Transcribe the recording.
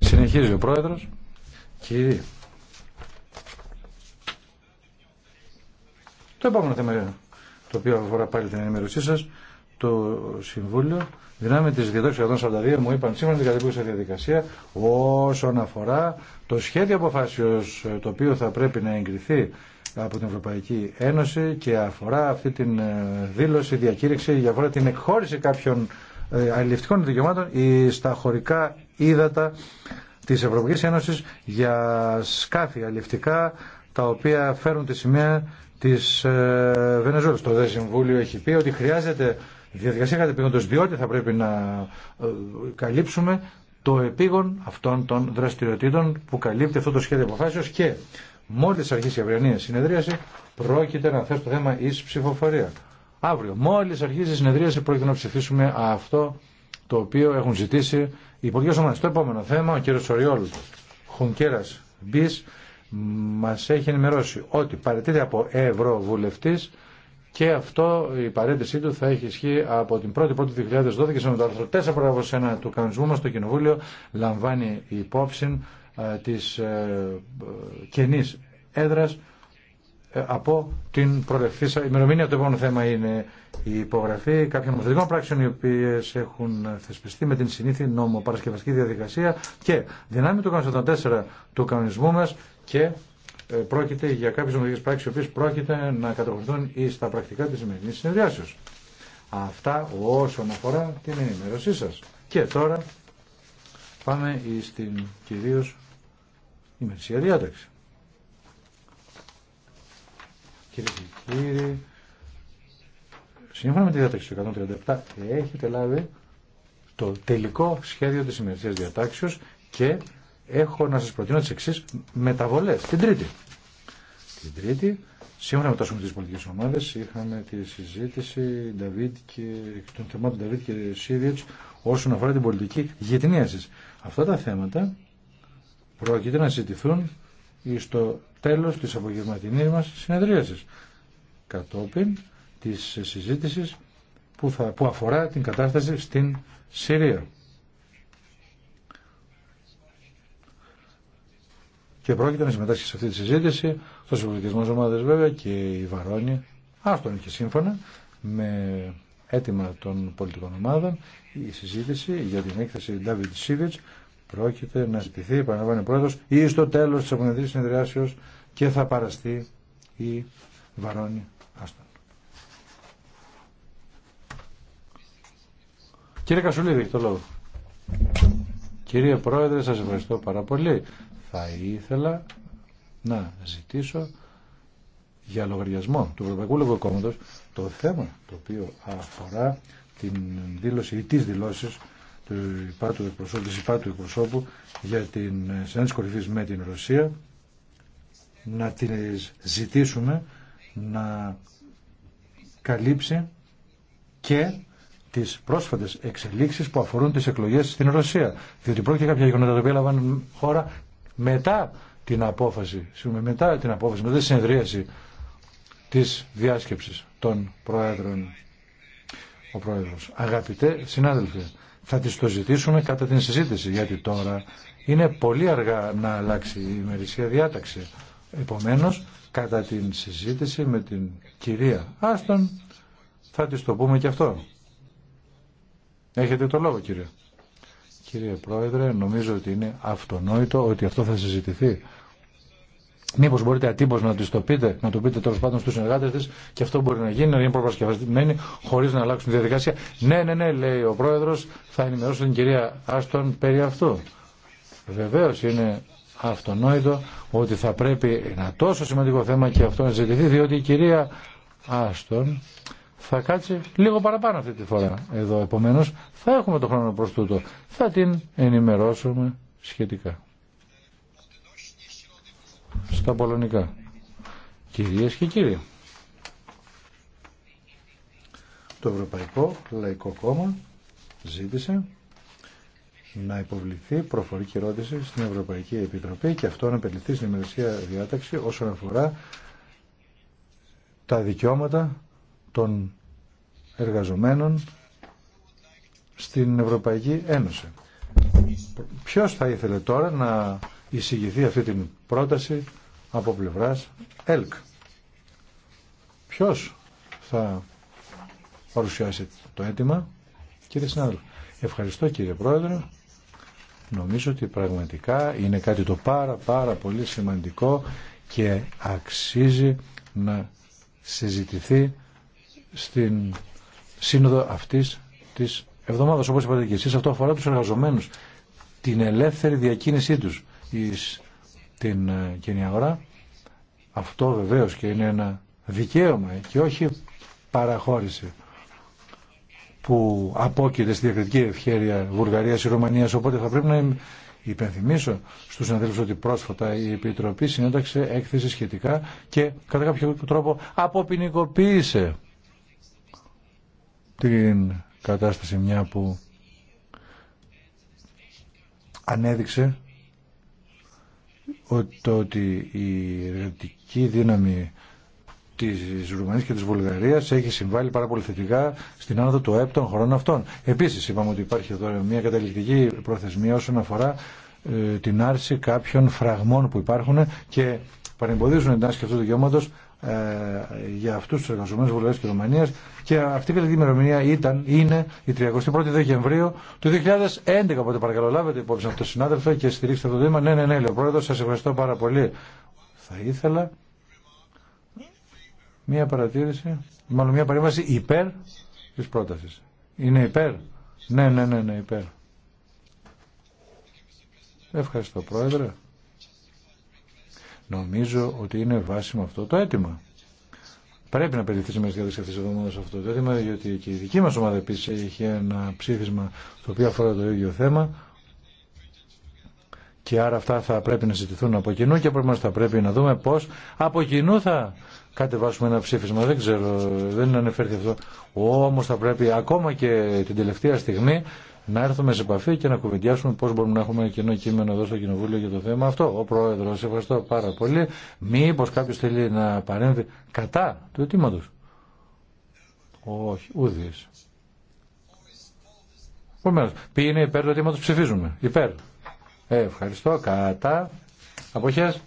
Συνεχίζει ο πρόεδρο Κύριε. Το επόμενο θέμα το οποίο αφορά πάλι την ενημερωσή σα, το Συμβούλιο, δυνάμει της διατάξης 142, μου είπαν σήμερα την κατεπίγουσα διαδικασία όσον αφορά το σχέδιο αποφάσεω το οποίο θα πρέπει να εγκριθεί από την Ευρωπαϊκή Ένωση και αφορά αυτή την ε, δήλωση, διακήρυξη για αφορά την εκχώρηση κάποιων ε, αλληλευτικών δικαιωμάτων στα χωρικά ύδατα της Ευρωπαϊκής Ένωσης για σκάφη αλληλευτικά τα οποία φέρουν τη σημαία της ε, Βενεζουέλας. Το ΔΕ έχει πει ότι χρειάζεται διαδικασία κατεπήγοντος διότι θα πρέπει να ε, καλύψουμε το επίγον αυτών των δραστηριοτήτων που καλύπτει αυτό το σχέδιο αποφάσεως και μόλις αρχίσει η αυριανή συνεδρίαση πρόκειται να θέσει το θέμα εις ψηφοφορία. Αύριο, μόλι αρχίζει η συνεδρίαση, πρόκειται να ψηφίσουμε αυτό το οποίο έχουν ζητήσει οι υπουργοί ομάδε. Στο επόμενο θέμα, ο κ. Σοριόλ Χουνκέρα Μπι, μα έχει ενημερώσει ότι παρετείται από ευρωβουλευτή και αυτό η παρέτησή του θα έχει ισχύει από την 1η η 2012 και σε το άρθρο 4 παράγραφος 1 του κανονισμού μας το Κοινοβούλιο λαμβάνει υπόψη ε, της ε, ε κενής έδρας ε, από την προελευθήσα ημερομηνία. Το επόμενο θέμα είναι η υπογραφή κάποιων νομοθετικών πράξεων οι οποίε έχουν θεσπιστεί με την συνήθι νομοπαρασκευαστική διαδικασία και δυνάμει του κανονισμού 4 του κανονισμού μα και ε, πρόκειται για κάποιε νομοθετικέ πράξει οι οποίε πρόκειται να καταχωρηθούν ή στα πρακτικά τη σημερινή συνεδριάσεω. Αυτά όσον αφορά την ενημέρωσή σα. Και τώρα πάμε στην κυρίω ημερησία διάταξη. Κύριε και κύριοι, σύμφωνα με τη διάταξη του 137 έχετε λάβει το τελικό σχέδιο της ημερησία διατάξεως και έχω να σας προτείνω τι εξής μεταβολές. Την Τρίτη. Την Τρίτη, σύμφωνα με τα σχόλια της πολιτικής ομάδας, είχαμε τη συζήτηση και, των θεμάτων Νταβίτ και Σίδιετ όσον αφορά την πολιτική γειτονίασης. Αυτά τα θέματα πρόκειται να συζητηθούν στο τέλος της απογευματινής μας συνεδρίασης κατόπιν της συζήτησης που, θα, που αφορά την κατάσταση στην Συρία. Και πρόκειται να συμμετάσχει σε αυτή τη συζήτηση στο Συμπολιτισμός Ομάδε βέβαια και η Βαρόνη αυτό και σύμφωνα με έτοιμα των πολιτικών ομάδων η συζήτηση για την έκθεση David Σίβιτς πρόκειται να ζητηθεί, επαναλαμβάνει πρόεδρος, ή στο τέλος της απονεδρής συνεδριάσεως και θα παραστεί η Βαρόνη Άστον. Κύριε Κασουλίδη, το λόγο. Κύριε Πρόεδρε, σας ευχαριστώ πάρα πολύ. Θα ήθελα να ζητήσω για λογαριασμό του Ευρωπαϊκού Λογοκόμματος το θέμα το οποίο αφορά την δήλωση ή τις δηλώσεις του υπάτου εκπροσώπου, της υπάτου εκπροσώπου για την συνάντηση κορυφής με την Ρωσία να την ζητήσουμε να καλύψει και τις πρόσφατες εξελίξεις που αφορούν τις εκλογές στην Ρωσία. Διότι πρόκειται κάποια γεγονότα τα έλαβαν χώρα μετά την απόφαση, μετά την απόφαση, μετά τη συνεδρίαση της διάσκεψης των Προέδρων. Ο Πρόεδρος. Αγαπητέ συνάδελφοι, θα τις το ζητήσουμε κατά την συζήτηση, γιατί τώρα είναι πολύ αργά να αλλάξει η ημερησία διάταξη. Επομένως, κατά την συζήτηση με την κυρία Άστον, θα της το πούμε και αυτό. Έχετε το λόγο, κύριε. Κύριε Πρόεδρε, νομίζω ότι είναι αυτονόητο ότι αυτό θα συζητηθεί Μήπω μπορείτε ατύπω να τη το πείτε, να το πείτε τέλο πάντων στου συνεργάτε τη και αυτό μπορεί να γίνει, να είναι προπαρασκευασμένοι, χωρί να αλλάξουν τη διαδικασία. Ναι, ναι, ναι, λέει ο πρόεδρο, θα ενημερώσω την κυρία Άστον περί αυτού. Βεβαίω είναι αυτονόητο ότι θα πρέπει ένα τόσο σημαντικό θέμα και αυτό να ζητηθεί, διότι η κυρία Άστον θα κάτσει λίγο παραπάνω αυτή τη φορά εδώ. Επομένω, θα έχουμε το χρόνο προ τούτο. Θα την ενημερώσουμε σχετικά στα πολωνικά. Κυρίες και κύριοι, το Ευρωπαϊκό Λαϊκό Κόμμα ζήτησε να υποβληθεί προφορική ερώτηση στην Ευρωπαϊκή Επιτροπή και αυτό να περιληφθεί στην ημερησία διάταξη όσον αφορά τα δικαιώματα των εργαζομένων στην Ευρωπαϊκή Ένωση. Ποιος θα ήθελε τώρα να εισηγηθεί αυτή την πρόταση από πλευράς ΕΛΚ. Ποιος θα παρουσιάσει το αίτημα, κύριε συνάδελφε. Ευχαριστώ κύριε Πρόεδρε. Νομίζω ότι πραγματικά είναι κάτι το πάρα πάρα πολύ σημαντικό και αξίζει να συζητηθεί στην σύνοδο αυτής της εβδομάδας όπως είπατε και εσείς αυτό αφορά τους εργαζομένους την ελεύθερη διακίνησή τους την ε, κοινή αγορά. Αυτό βεβαίως και είναι ένα δικαίωμα και όχι παραχώρηση που απόκειται στη διακριτική ευχέρεια Βουλγαρίας ή Ρωμανίας οπότε θα πρέπει να υπενθυμίσω στους συναδέλφους ότι πρόσφατα η Επιτροπή συνέταξε έκθεση σχετικά και κατά κάποιο τρόπο αποποινικοποίησε την κατάσταση μια που ανέδειξε το ότι η εργατική δύναμη της Ρουμανίας και της Βουλγαρίας έχει συμβάλει πάρα πολύ θετικά στην άνοδο του ΑΕΠ των χωρών αυτών. Επίσης είπαμε ότι υπάρχει εδώ μια καταληκτική προθεσμία όσον αφορά ε, την άρση κάποιων φραγμών που υπάρχουν και παρεμποδίζουν την άσκηση αυτού του δικαιώματο ε, για αυτού του εργαζομένου Βουλγαρία και Ρουμανία και αυτή η ημερομηνία ήταν, είναι η 31η Δεκεμβρίου του 2011. Οπότε παρακαλώ λάβετε υπόψη αυτό, συνάδελφε, και στηρίξτε αυτό το βήμα. Ναι, ναι, ναι, λέει ο πρόεδρο, σα ευχαριστώ πάρα πολύ. Θα ήθελα μία παρατήρηση, μάλλον μία παρέμβαση υπέρ τη πρόταση. Είναι υπέρ. Ναι, ναι, ναι, ναι, υπέρ. Ευχαριστώ, πρόεδρε. Νομίζω ότι είναι βάσιμο αυτό το αίτημα. Πρέπει να περιθέσει μέσα στη διάθεση αυτή τη εβδομάδα αυτό το αίτημα, διότι και η δική μα ομάδα επίση έχει ένα ψήφισμα το οποίο αφορά το ίδιο θέμα. Και άρα αυτά θα πρέπει να συζητηθούν από κοινού και πρέπει θα πρέπει να δούμε πώ από κοινού θα κατεβάσουμε ένα ψήφισμα. Δεν ξέρω, δεν ανεφέρθη αυτό. Όμως θα πρέπει ακόμα και την τελευταία στιγμή να έρθουμε σε επαφή και να κουβεντιάσουμε πώς μπορούμε να έχουμε κοινό κείμενο εδώ στο Κοινοβούλιο για το θέμα αυτό. Ο Πρόεδρος, ευχαριστώ πάρα πολύ. Μήπως κάποιος θέλει να παρέμβει κατά του αιτήματος. Όχι, ούδης. Επομένως, ποιοι είναι υπέρ του αιτήματος ψηφίζουμε. Υπέρ. Ε, ευχαριστώ. Κατά. Αποχές.